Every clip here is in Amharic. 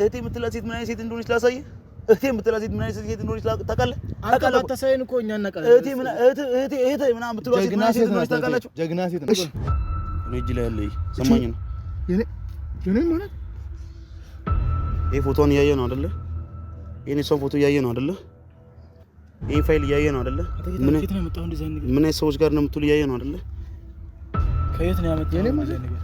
እህቴ የምትላት ሴት ምን አይነት ሴት እንደሆነች ላሳየህ። እህቴ የምትላት ሴት ምን አይነት ሴት እንደሆነች ታውቃለህ? አታሳየን እኮ እኛ እናውቃለን። እጅ ላይ ያለ ሰማኝ ነው ይህ ፎቶን እያየ ነው አደለ? ይህን ፎቶ እያየ ነው አይደለ? ይህን ፋይል እያየ ነው አይደለ? ምን አይነት ሰዎች ጋር ነው የምትውል እያየ ነው ከየት ነው ያመጣው?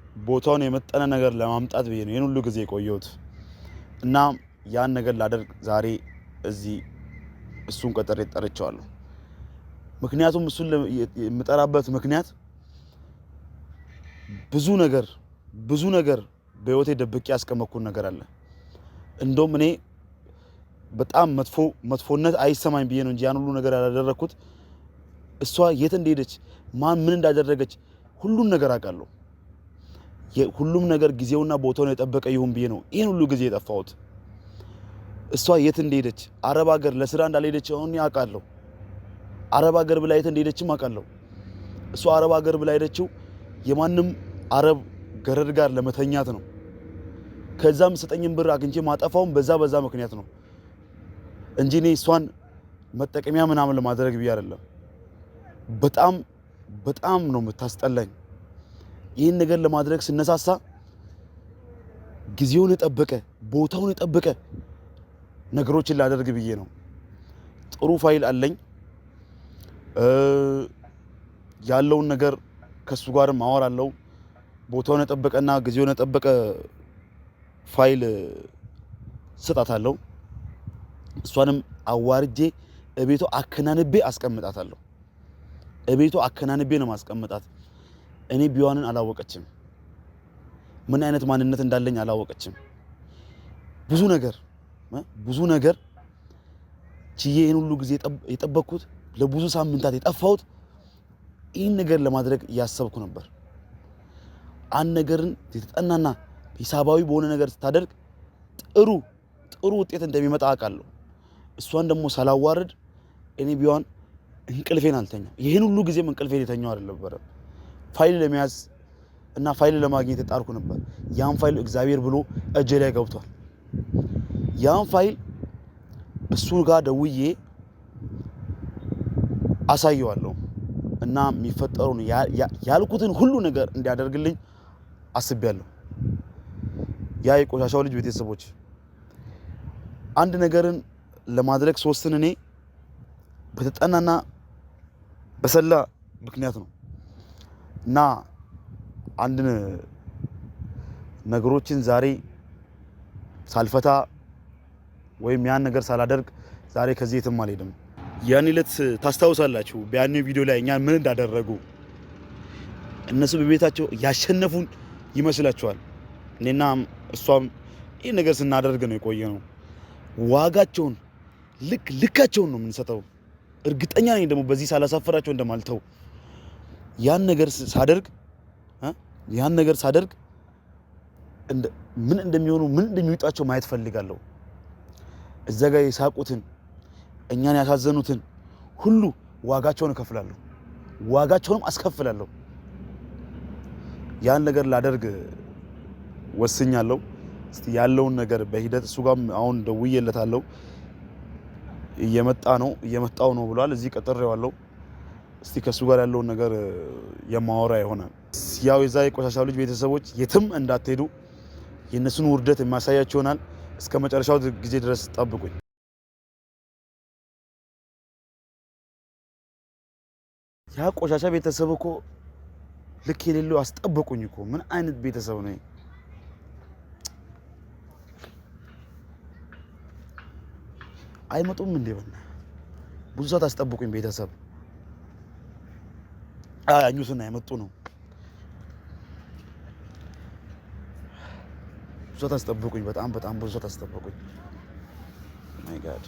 ቦታውን የመጠነ ነገር ለማምጣት ብዬ ነው ይህን ሁሉ ጊዜ የቆየሁት እና ያን ነገር ላደርግ ዛሬ እዚህ እሱን ቀጠሬ ጠርቸዋለሁ። ምክንያቱም እሱን የምጠራበት ምክንያት ብዙ ነገር ብዙ ነገር በህይወቴ ደብቄ ያስቀመጥኩት ነገር አለ። እንደውም እኔ በጣም መጥፎ መጥፎነት አይሰማኝ ብዬ ነው እንጂ ያን ሁሉ ነገር ያላደረግኩት። እሷ የት እንደሄደች ማን ምን እንዳደረገች ሁሉን ነገር አውቃለሁ። ሁሉም ነገር ጊዜውና ቦታውን የጠበቀ ይሁን ብዬ ነው ይህን ሁሉ ጊዜ የጠፋሁት። እሷ የት እንደሄደች አረብ ሀገር ለስራ እንዳልሄደች አሁን አውቃለሁ። አረብ ሀገር ብላ የት እንደሄደችም አውቃለሁ። እሷ አረብ ሀገር ብላ ሄደችው የማንም አረብ ገረድ ጋር ለመተኛት ነው። ከዛም ሰጠኝም ብር አግኝቼ ማጠፋውም በዛ በዛ ምክንያት ነው እንጂ እኔ እሷን መጠቀሚያ ምናምን ለማድረግ ብዬ አይደለም። በጣም በጣም ነው የምታስጠላኝ። ይህን ነገር ለማድረግ ስነሳሳ ጊዜውን የጠበቀ ቦታውን የጠበቀ ነገሮችን ላደርግ ብዬ ነው። ጥሩ ፋይል አለኝ። ያለውን ነገር ከሱ ጋርም ማወር አለው። ቦታውን የጠበቀና ጊዜውን የጠበቀ ፋይል አለው እሷንም አዋርጄ እቤቷ አከናንቤ አስቀምጣታለሁ። እቤቷ አከናንቤ ነው ማስቀምጣት እኔ ቢዋንን አላወቀችም። ምን አይነት ማንነት እንዳለኝ አላወቀችም። ብዙ ነገር ብዙ ነገር ችዬ ይህን ሁሉ ጊዜ የጠበቅኩት ለብዙ ሳምንታት የጠፋሁት ይህን ነገር ለማድረግ እያሰብኩ ነበር። አንድ ነገርን የተጠናና ሂሳባዊ በሆነ ነገር ስታደርግ ጥሩ ጥሩ ውጤት እንደሚመጣ አውቃለሁ። እሷን ደግሞ ሳላዋርድ እኔ ቢዋን እንቅልፌን አልተኛም። ይህን ሁሉ ጊዜም እንቅልፌን የተኛው አልነበረም። ፋይል ለመያዝ እና ፋይል ለማግኘት የጣርኩ ነበር። ያን ፋይል እግዚአብሔር ብሎ እጄ ላይ ገብቷል። ያን ፋይል እሱ ጋር ደውዬ አሳየዋለሁ እና የሚፈጠሩን ያልኩትን ሁሉ ነገር እንዲያደርግልኝ አስቤያለሁ። ያ የቆሻሻው ልጅ ቤተሰቦች አንድ ነገርን ለማድረግ ሶስትን እኔ በተጠናና በሰላ ምክንያት ነው እና አንድ ነገሮችን ዛሬ ሳልፈታ ወይም ያን ነገር ሳላደርግ ዛሬ ከዚህ የትም አልሄድም። ያን ዕለት ታስታውሳላችሁ፣ በያኔው ቪዲዮ ላይ እኛን ምን እንዳደረጉ እነሱ በቤታቸው ያሸነፉን ይመስላችኋል። እኔና እሷም ይህ ነገር ስናደርግ ነው የቆየ ነው። ዋጋቸውን ልክ ልካቸውን ነው የምንሰጠው። እርግጠኛ ነኝ ደግሞ በዚህ ሳላሳፈራቸው እንደማልተው ያን ነገር ሳደርግ ያን ነገር ሳደርግ ምን እንደሚሆኑ ምን እንደሚወጣቸው ማየት ፈልጋለሁ። እዛ ጋር የሳቁትን እኛን ያሳዘኑትን ሁሉ ዋጋቸውን እከፍላለሁ፣ ዋጋቸውንም አስከፍላለሁ። ያን ነገር ላደርግ ወስኛለሁ። ያለውን ነገር በሂደት እሱ ጋም አሁን ደውዬለታለሁ። እየመጣ ነው እየመጣው ነው ብሏል። እዚህ ቀጥሬዋለሁ። እስቲ ከእሱ ጋር ያለውን ነገር የማወራ ይሆናል። ያው የዛ የቆሻሻው ልጅ ቤተሰቦች የትም እንዳትሄዱ የእነሱን ውርደት የሚያሳያቸው ይሆናል። እስከ መጨረሻው ጊዜ ድረስ ጠብቁኝ። ያ ቆሻሻ ቤተሰብ እኮ ልክ የሌለው አስጠብቁኝ እኮ። ምን አይነት ቤተሰብ ነው? አይመጡም እንዴ? ብዙ ሰዓት አስጠብቁኝ ቤተሰብ አያኙትና የመጡ ነው። ብዙ ታስጠብቁኝ፣ በጣም በጣም ብዙ ታስጠብቁኝ። ማይ ጋድ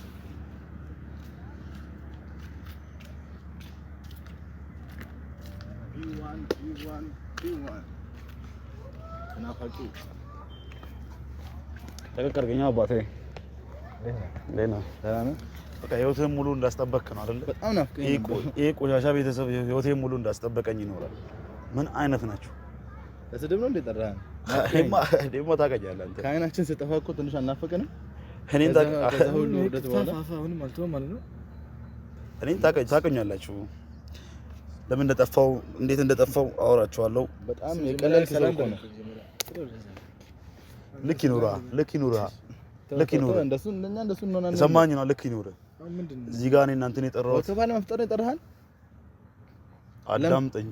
ተቀቀርገኛ አባቴ ደህና በቃ ህይወቴን ሙሉ እንዳስጠበቅ ነው አይደል? ይሄ ቆሻሻ ቤተሰብ ህይወትህን ሙሉ እንዳስጠበቀኝ ይኖራል። ምን አይነት ናቸው? ስድብ ነው እንደጠራህ ደግሞ ታውቀኛለህ። ከአይናችን ስጠፋ እኮ ትንሽ አናፈቅንም። እኔን ታውቀኛላችሁ። ለምን እንደጠፋው እንዴት እንደጠፋው አወራችኋለሁ። በጣም የቀለል ሰላም ነው። ልክ ይኑራ፣ ልክ ይኑራ፣ ልክ ይኑራ። እንደሱ እንደሱ ነው። ሰማኝ ነው። ልክ ይኑራ እዚህ ጋር እኔና እንትን የጠራሁት ወከባ ለመፍጠር ነው የጠራኸን። አዳምጠኝ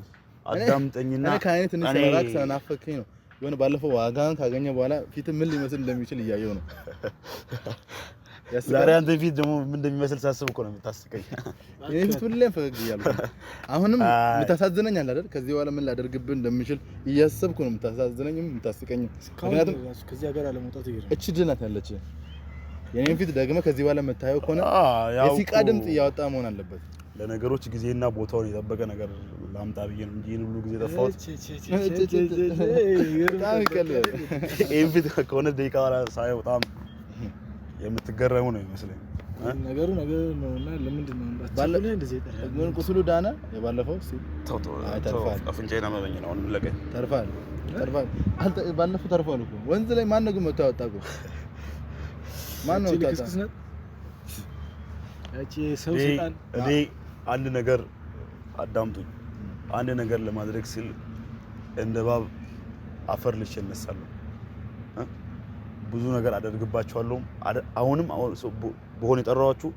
አዳምጠኝና ከአይነት ትንሽ መራቅ ስለናፈከኝ ነው። የሆነ ባለፈው ዋጋን ካገኘ በኋላ ፊት ምን ሊመስል እንደሚችል እያየው ነው። ዛሬ አንተ ፊት ደግሞ ምን እንደሚመስል ሳስብ እኮ ነው የምታስቀኝ። እኔ ፊት ሁሌም ፈገግ እያለሁ አሁንም የምታሳዝነኝ አለ አይደል? ከዚህ በኋላ ምን ላደርግብህ እንደምችል እያሰብኩ ነው የምታሳዝነኝም የምታስቀኝም። ምክንያቱም ከዚህ ሀገር አለመውጣት እቺ ድናት ያለች የኔን ፊት ደግመህ ከዚህ በኋላ የምታየው ከሆነ የሲቃ ድምጽ እያወጣ መሆን አለበት። ለነገሮች ጊዜና ቦታውን የጠበቀ ነገር ላምጣ ብዬ ነው እንጂ ይህን ሁሉ ጊዜ ጠፋሁት። ከሆነ ደቂቃ በኋላ ሳየው በጣም የምትገረሙ ነው ይመስለኝ። ነገሩ ነገር ነውና ለምንድን ነው ቁስሉ ዳነ? የባለፈው አፍንጫዬን አመመኝ ተርፋል፣ ተርፋል። ባለፈው ተርፏል ወንዝ ላይ ማነው ግን መቶ እኔ አንድ ነገር አዳምጡኝ። አንድ ነገር ለማድረግ ሲል እንደ እባብ አፈር ልሼ እነሳለሁ። ብዙ ነገር አደርግባቸዋለሁ። አሁንም በሆነ የጠራኋችሁ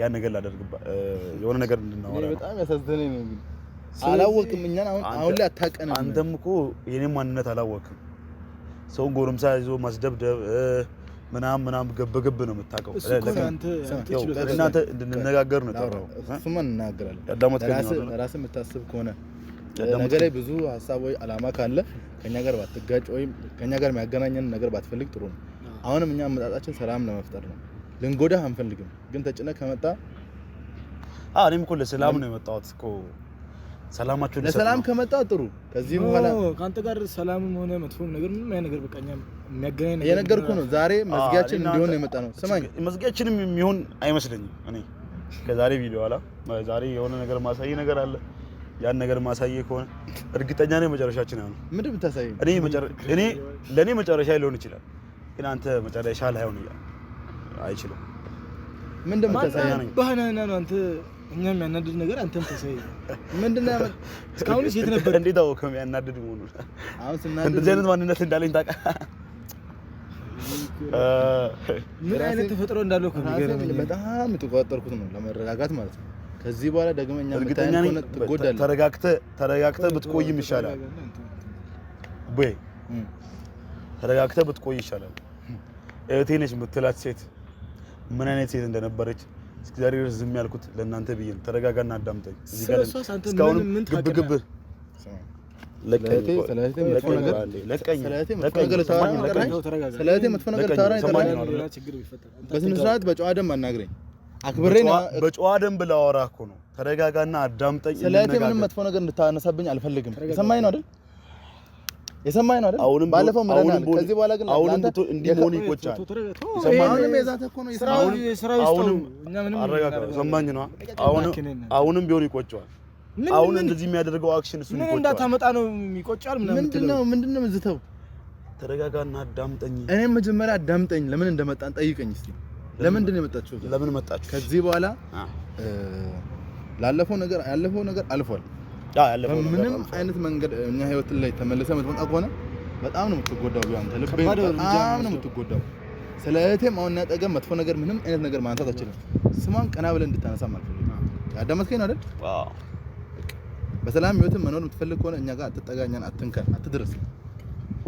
ያን ነገር ላደርግባ የሆነ ነገር እንድናወራ በጣም ያሳዘነኝ ነው። አላወቅም፣ እኛን አሁን ላይ አታውቀንም። አንተም እኮ የኔ ማንነት አላወቅም። ሰውን ጎረምሳ ይዞ ማስደብደብ ምናም ምናም ገብግብ ነው የምታውቀው። እናንተ እንድንነጋገር ነው የጠራኸው። እሱማ እንናገራለን። ራስህ የምታስብ ከሆነ ነገ ላይ ብዙ ሀሳብ ወይ አላማ ካለ ከኛ ጋር ባትጋጭ ወይም ከኛ ጋር የሚያገናኘን ነገር ባትፈልግ ጥሩ ነው። አሁንም እኛ አመጣጣችን ሰላም ለመፍጠር ነው። ልንጎዳህ አንፈልግም። ግን ተጭነህ ከመጣ እኔም እኮ ለሰላም ነው የመጣሁት እኮ ሰላማችሁ ለሰላም ከመጣ ጥሩ። ከዚህ በኋላ ከአንተ ጋር ሰላምም ሆነ መጥፎ ነገር ምንም አይነት ነገር በቃ እኛ የሚያገናኝ ነገር የነገርኩህ ነው። ዛሬ መዝጊያችን እንዲሆን የመጣ ነው። ስማኝ፣ መዝጊያችንም የሚሆን አይመስለኝም። እኔ ከዛሬ ቪዲዮ ኋላ ዛሬ የሆነ ነገር ማሳይ ነገር አለ። ያን ነገር ማሳየ ከሆነ እርግጠኛ ነኝ መጨረሻችን ነው። ምንድን ብታሳይ እኔ መጨረሻ እኔ ለእኔ መጨረሻ ሊሆን ይችላል፣ ግን አንተ መጨረሻ ላይሆን አይችልም። ምንድን ብታሳይ ነው አንተ እኛ የሚያናድድ ነገር አንተም ተሰይ ምንድን ነው? እስካሁን ሴት ነበር? እንዴት አወቅህ የሚያናድድ መሆኑን? አሁን ስናድድ እንደዚህ አይነት ማንነት እንዳለኝ ታውቃለህ? ምን አይነት ተፈጥሮ እንዳለው በጣም የተቆጣጠርኩት ነው ለመረጋጋት ማለት ነው። ከዚህ በኋላ ደግመኛ እርግጠኛ ነኝ ተረጋግተህ ተረጋግተህ ብትቆይም ይሻላል። ወይ ተረጋግተህ ብትቆይ ይሻላል። እህቴ ነች የምትላት ሴት ምን አይነት ሴት እንደነበረች እስከዛሬ ድረስ ዝም ያልኩት ለእናንተ ብዬ ነው። ተረጋጋና አዳምጠኝ። እስካሁን ግብ ግብ ስለቴ መጥፎ ነገር ታራ በጨዋ ደንብ አናግረኝ። አክብሬ በጨዋ ደንብ ላወራ እኮ ነው። ተረጋጋና አዳምጠኝ። ስለቴ ምንም መጥፎ ነገር እንድታነሳብኝ አልፈልግም። ሰማኝ ነው አይደል? የሰማኝ ነው አይደል? አሁንም ባለፈው ከዚህ በኋላ ግን አሁንም እንዲህ መሆን ይቆጫል። ሰማኝ ነው። አሁንም ቢሆን ይቆጫል። አሁን እንደዚህ የሚያደርገው አክሽን ምን እንዳታመጣ ነው የሚቆጫል። ምንድነው ምንድነው ምዝተው ተረጋጋና አዳምጠኝ። እኔም መጀመሪያ አዳምጠኝ። ለምን እንደመጣን ጠይቀኝ ለምንድን ነው ለምን መጣችሁ? ከዚህ በኋላ ላለፈው ነገር ያለፈው ነገር አልፏል። ምንም አይነት መንገድ እኛ ህይወት ላይ ተመለሰ የምትመጣ ከሆነ በጣም ነው የምትጎዳው። ቢሆን በጣም ነው የምትጎዳው። ስለ እህቴም አሁን ያጠገብ መጥፎ ነገር ምንም አይነት ነገር ማንሳት አችልም። ስሟን ቀና ብለን እንድታነሳ ማለት ነው። ያዳመጥከኝ አይደል? በሰላም ህይወትን መኖር የምትፈልግ ከሆነ እኛ ጋር አትጠጋኛን፣ አትንከን፣ አትድረስ።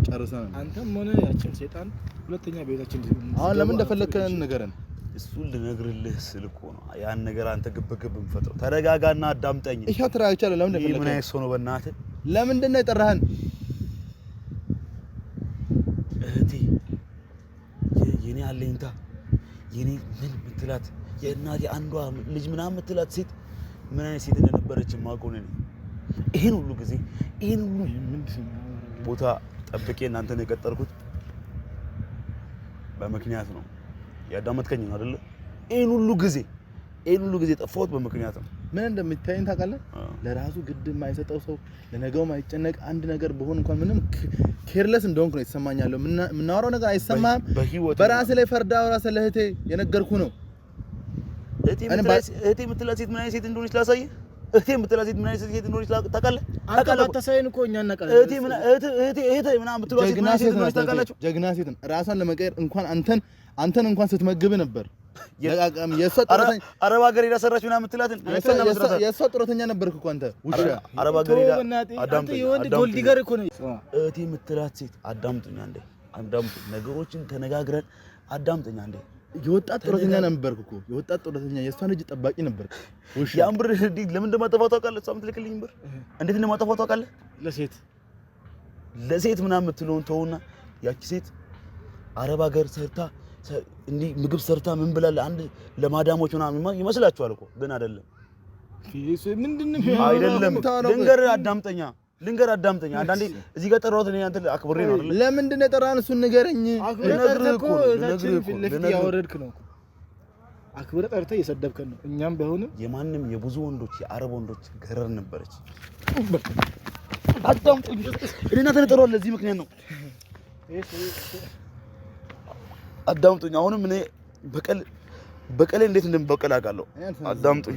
ጨርሰናል። አንተም ሆነ ያችን ሴጣን ሁለተኛ ቤታችን አሁን ለምን እንደፈለግከን ንገረን። እሱን ልነግርልህ ስል እኮ ነው ያን ነገር አንተ ግብ ግብ የምፈጥረው። ተረጋጋና አዳምጠኝ። ትራ ይቻለ ለምን እንደፈለከኝ ምን አይሶ ነው? በእናትህ ለምንድን ነው የጠራህን? እህቴ የኔ አለኝታ የኔ ምን ምትላት የእናቴ አንዷ ልጅ ምናምን ምትላት ሴት ምን አይነት ሴት እንደነበረች ማቆነ ነው። ይሄን ሁሉ ጊዜ ይሄን ሁሉ ቦታ ጠብቄ እናንተን የቀጠርኩት በምክንያት ነው። ያዳመጥከኝ ነው አይደለ? ይሄን ሁሉ ጊዜ ይሄን ሁሉ ጊዜ ጠፋሁት በምክንያት ነው። ምን እንደምታይን ታውቃለህ? ለራሱ ግድ የማይሰጠው ሰው፣ ለነገው ማይጨነቅ አንድ ነገር በሆን እንኳን ምንም ኬርለስ እንደሆንክ ነው የተሰማኛል። የምናወራው ነገር አይሰማም በራስህ ላይ ፈርዳ ራሰ ለእህቴ የነገርኩ ነው። እህቴ የምትላት ሴት ምን አይነት ሴት እንደሆነች ላሳየህ እህቴ የምትላት ሴት ምን አይነት ሴት እንደሆነች ታውቃለህ? ጀግና ሴት ነው። ራሷን ለመቀየር እንኳን አንተን አንተን እንኳን ስትመግብ ነበር። አረብ ሀገር ሄዳ ሰራች ምናምን የምትላትን የእሷ ጡረተኛ ነበርክ እኮ አንተ ውሻ። አረብ ሀገር ሄዳ እህቴ የምትላት ሴት አዳምጡኝ አንዴ፣ አዳምጥ፣ ነገሮችን ተነጋግረን አዳምጡኝ አንዴ የወጣት ጦረተኛ ነበርኩ እኮ የወጣት ጦረተኛ፣ የእሷን እጅ ጠባቂ ነበርኩ። ያን ብር ለምን እንደማጠፋው ታውቃለህ? እሷ የምትልክልኝ ብር እንዴት እንደማጠፋው ታውቃለህ? ለሴት ለሴት ምናምን የምትለውን ተውና፣ ያቺ ሴት አረብ ሀገር ሰርታ እንዲህ ምግብ ሰርታ ምን ብላለ አንድ ለማዳሞች ምናምን ይመስላችኋል እኮ ግን አይደለም። ምንድን ነው አይደለም። ልንገርህ፣ አዳምጠኛ ልንገር አዳምጠኝ። አንዳንዴ እዚህ ጋር ጠራሁት እኔ አንተ አክብሬ ነው አይደል? ለምንድን ነው የጠራን? እሱን ንገረኝ። ነግርህ እኮ እዛችን ያወረድክ ነው አክብረህ ጠርተ እየሰደብከን ነው። እኛም ባይሆንም የማንም የብዙ ወንዶች የአረብ ወንዶች ገረር ነበረች። አዳምጠኝ። እኔ እናንተ ጠራሁት ለዚህ ምክንያት ነው። አዳምጠኝ። አሁንም እኔ በቀል በቀለ እንዴት እንደምበቀል አውቃለሁ። አዳምጡኝ።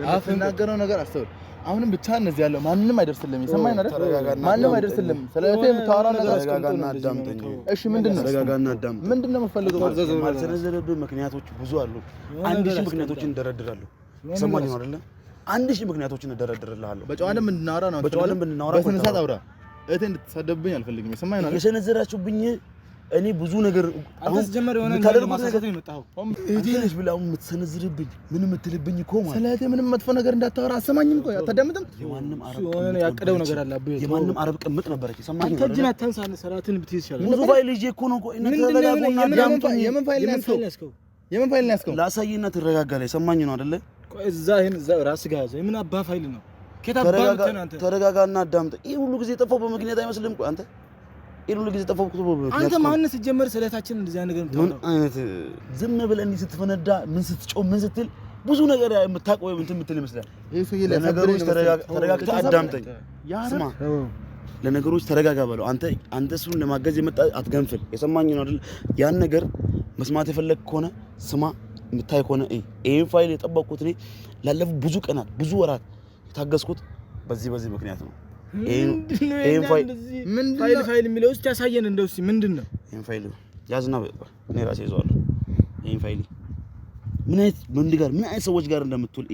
የምትናገረው ነገር አስተውል። አሁንም ብቻ እነዚህ ያለው ማንም አይደርስልም። የሰማኝ አይደል? ማንም አይደርስልም። ስለዚህ የምታወራው ነገር አስተውልና አዳምጠኝ። እሺ፣ ምንድነው? ተረጋጋና አዳምጠኝ። ምንድነው የምፈልገው? ምክንያቶች ብዙ አሉ። አንድ ሺህ ምክንያቶችን እንደረድራለሁ ሰማኝ ነው አይደለ? አንድ ሺህ ምክንያቶችን እደረድርልሃለሁ። በጨዋ ደንብ እንድናወራ ነው። በጨዋ ደንብ እንድናወራ ነው። በስነ አውራ። እህቴ እንድትሳደብብኝ አልፈልግም። ሰማኝ ነው አይደል? የሰነዘራችሁብኝ እኔ ብዙ ነገር አሁን ጀመር የሆነ ነገር ማሰሰት ነው የመጣው። እህቴ ነሽ ብላ አሁን የምትሰነዝርብኝ ምን የምትልብኝ እኮ ማለት ስለ እህቴ ምንም መጥፎ ነገር እንዳታወራ አሰማኝም እኮ አታዳምጥም። የማንም አረብ የሆነ ያቀደው ነገር አለ። አብይ የማንም አረብ ቅምጥ ነበረች። ሰማኝ ነው ተጅና ተንሳን ሰራትን ብትይዝ ይችላል። ብዙ ፋይል ይዤ እኮ ነው እኮ እና ተረጋጉና፣ የምን ፋይል ነው ያስከው? የምን ፋይል ያስከው? ላሳይና ትረጋጋለች። ሰማኝ ነው አይደለ እዛ ይሄን ራስ ጋር ያዘ። ምን አባ ፋይል ነው? ተረጋጋና አዳምጥ። ይሄ ሁሉ ጊዜ ጠፋው በምክንያት አይመስልም። ቆይ አንተ ይሄ ሁሉ ጊዜ ጠፋው በምክንያት አንተ ማነስ ጀመር። ስለታችን እንደዚህ ነገር ምን አይነት ዝም ብለህ እንዲህ ስትፈነዳ ምን ስትጮህ ምን ስትል ብዙ ነገር የምታውቅ ወይም እንትን የምትል ይመስላል። ለነገሮች ተረጋግተህ አዳምጠኝ። ስማ ለነገሮች ተረጋጋ በለው። አንተ አንተ እሱን ለማገዝ የመጣ አትገንፍል። የሰማኝ ነው አይደል? ያን ነገር መስማት የፈለግ ከሆነ ስማ የምታይ ከሆነ ይህን ፋይል የጠበቅኩት እኔ ላለፉ ብዙ ቀናት ብዙ ወራት የታገዝኩት በዚህ በዚህ ምክንያት ነው። ፋይል ፋይል የሚለው እስኪ ያሳየን እንደው እስኪ ምንድን ነው? ይህን ፋይል ያዝና እኔ ራሴ ይዘዋለሁ። ይህን ፋይል ምን አይነት ወንድ ጋር ምን አይነት ሰዎች ጋር እንደምትውል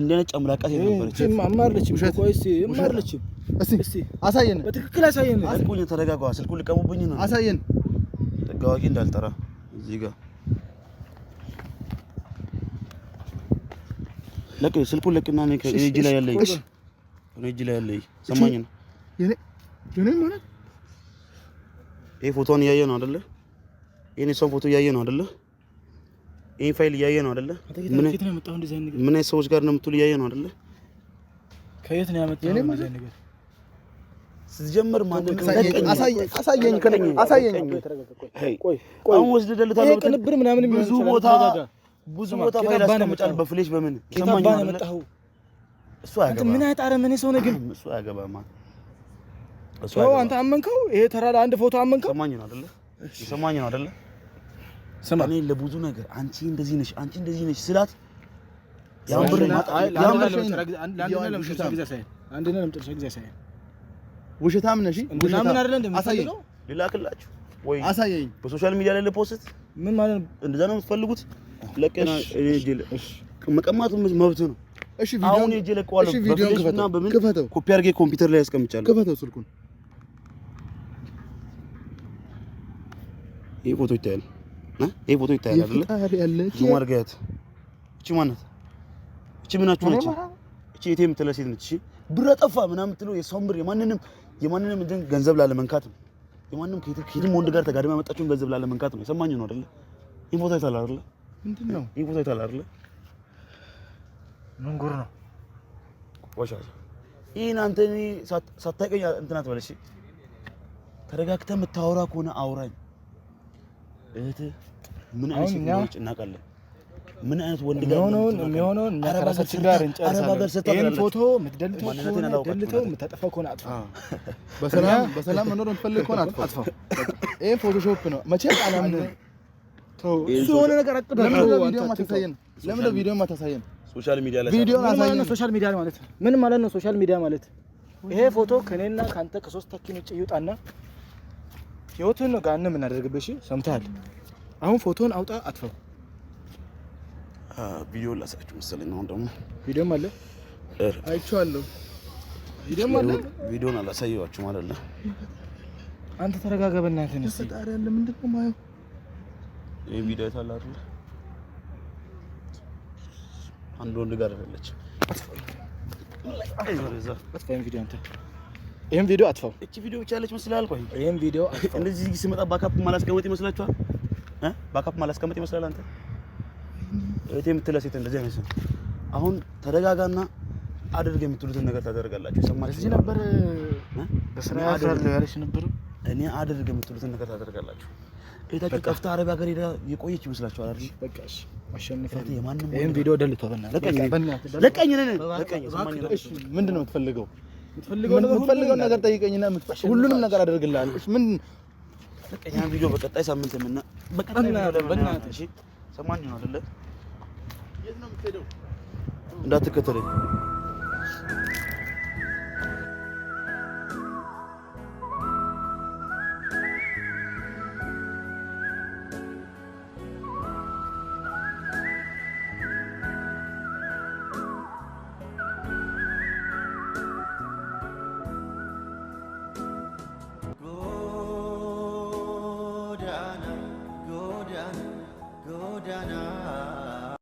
እንደነጭ አምላቃ ሴት ነበረች። እማርለችም ቆይስ እማርለችም። እስኪ አሳየን፣ በትክክል አሳየን። አልኩኝ። ተረጋጋ። ስልኩን ሊቀሙብኝ ነው። አሳየን ህግ አዋቂ እንዳልጠራ እዚህ ጋር ለቅ ስልኩን ለቅና እጅ ላይ ያለኝ እጅ ላይ ያለኝ ሰማኝ ነው የኔ ፎቶን እያየ ነው አይደለ? ይሄን የሰውን ፎቶ እያየ ነው አይደለ? ይሄን ፋይል እያየ ነው አይደለ? ምን አይነት ሰዎች ጋር ነው የምትውል እያየ ነው አይደለ? ከየት ነው ያመጣው? ስትጀምር ማንም አሳየኝ አሳየኝ። አሁን ወስደህ ደልታለህ ቅንብር ምናምን ብዙ ቦታ ብዙ ቦታ ፋይል አስቀምጫል በፍሌሽ በምን ሰማኝ አመጣሁ። እሱ አያገባም። ምን አይነት አረመኔ ሰው ነህ ግን! እሱ አያገባም። አንተ አመንከው፣ ይሄ ተራ ለአንድ ፎቶ አመንከው። ሰማኝ ነው አይደለ? ይሰማኝ ነው አይደለ? ስማ እኔ ለብዙ ነገር አንቺ እንደዚህ ነሽ፣ አንቺ እንደዚህ ነሽ ስላት ያምብር ማጣ ያምብር ያንብር አንድ ለምጨረሻ ጊዜ ሳይ ውሸታም ነሽ። ምናምን አይደለ እንደምትፈልገው ልላክላችሁ ወይ አሳየኝ። በሶሻል ሚዲያ ላይ ለፖስት ምን ማለት ነው? እንደዛ ነው የምትፈልጉት? ለቀና መቀማቱ መብት ነው። እሺ አሁን እጄ ለቀዋለሁ። በፍሌሽና በምን ኮፒ አድርጌ ኮምፒውተር ላይ ያስቀምጫለሁ። ክፈተው ስልኩን። ይሄ ፎቶ ይታያል። ይሄ ፎቶ ይታያል አይደለ? ዙም አድርገያት። እቺ ማናት? እቺ ምናችሁ ነች? እቺ የቴም የምትለው ሴት ነች። ብር ጠፋ ምናምን የምትለው የሷን ብር የማንንም የማንንም እንትን ገንዘብ ላለመንካት ነው። የማንም ከየትም ወንድ ጋር ተጋድመ ያመጣችሁን ገንዘብ ላለመንካት ነው። የሰማኝ ነው አይደለ? ይሄን ፎቶ አይተሃል አይደለ? ምንድን ነው ይሄን ፎቶ አይተሃል አይደለ? ምን ጉር ነው? ቆሻሻ ይሄን አንተ እኔ እንትናት እንትን ተረጋግተህ የምታወራ ከሆነ አውራኝ እህትህ ምን አይነት እናውቃለን ምን አይነት ወንድ ጋር ነው የሚሆነውን ከራሳችን ጋር እንጨርሳለን። ይሄን ፎቶ የምትደልተው ከሆነ ደልተው፣ የምታጠፋው ከሆነ አጥፋ። በሰላም መኖር የምትፈልግ ከሆነ አጥፋ። ይሄ ፎቶሾፕ ነው። መቼም አላምንም። እሱ የሆነ ነገር አቅዳለሁ። ለምን ነው ቪዲዮ ማታሳየን? ሶሻል ሚዲያ ላይ ቪዲዮ አሳየን። ሶሻል ሚዲያ ማለት ምን ማለት ነው? ሶሻል ሚዲያ ማለት ይሄ ፎቶ ከኔና ከአንተ ከሶስታችን ውጭ ይውጣና ህይወትን ነው የምናደርግበት። እሺ ሰምተሃል? አሁን ፎቶን አውጣ፣ አጥፋው ቪዲዮ ላሳያችሁ መሰለኝ። አሁን ደግሞ ቪዲዮም አለ አይቼዋለሁ። ቪዲዮም አለ ቪዲዮን አላሳየኋችሁም አይደለ? አንተ ተረጋጋ በእናትህ። እስኪ ጣሪ ያለ ምንድን ነው ማየው? ይህ ቪዲዮ የታለ አይደለ? አንድ ወንድ ጋር አይደለች። ይህም ቪዲዮ አጥፋው። እቺ ቪዲዮ ብቻ ያለች መስልሃል? ቆይ ይህም ቪዲዮ እንደዚህ ስመጣ ባካፕ ማላስቀመጥ ይመስላችኋል? ባካፕ ማላስቀመጥ ይመስላል አንተ እህቴ የምትለ ሴት እንደዚህ አይነት ነው። አሁን ተረጋጋና አድርግ የምትሉትን ነገር ታደርጋላችሁ። ሰማችሁ? እዚህ ነበር በስራ ያለሽ ነበር። እኔ አድርግ የምትሉትን ነገር ታደርጋላችሁ። እህታችሁ ቀፍታ አረብ ሀገር ሄዳ የቆየች ይመስላችኋል አይደል? በቃ እሺ፣ አሸንፈህ የማንም ይሄን ቪዲዮ ደልቶ በእናትህ ለቀኝ፣ ለቀኝ፣ ለቀኝ። እሺ፣ ምንድን ነው የምትፈልገው? የምትፈልገው ነገር ጠይቀኝና ሁሉንም ነገር አደርግልሃለሁ። እሺ፣ ምንድን ለቀኝ። ያን ቪዲዮ በቀጣይ ሳምንት ምና በቀጣይ በእናትህ እሺ፣ ሰማኝ ነው አይደለ? እንዳትከተለኝ